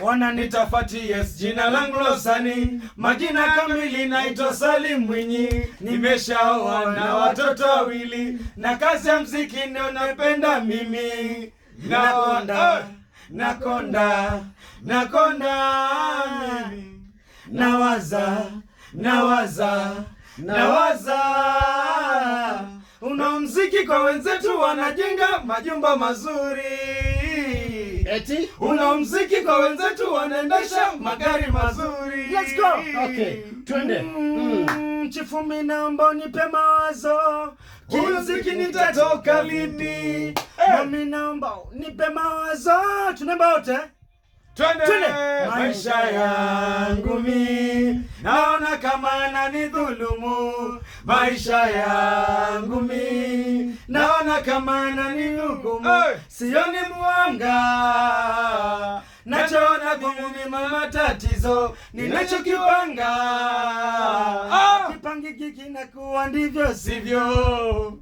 wananitafati yes, jina langu Losani, majina kamili naitwa Salim Mwinyi, nimeshaoa na watoto wawili, na kazi ya mziki ndio napenda mimi. Nakonda, nakonda, nakonda mimi, nawaza, nawaza, nawaza una mziki kwa wenzetu, wanajenga majumba mazuri Eti una mziki kwa wenzetu wanaendesha magari mazuri. Let's go. Okay, twende. Mm. Mm. Chifumi naomba nipe mawazo. Huyu mziki nitatoka lini? Mami eh. naomba nipe mawazo. Tunaimba wote. Twende. Maisha yangu mi naona kama yananidhulumu. Maisha yangu Kamana ni hukumu siyo Sioni mwanga, nachoona kwangu ni matatizo ninachokipanga, ah. Kipangiki kinakuwa ndivyo sivyo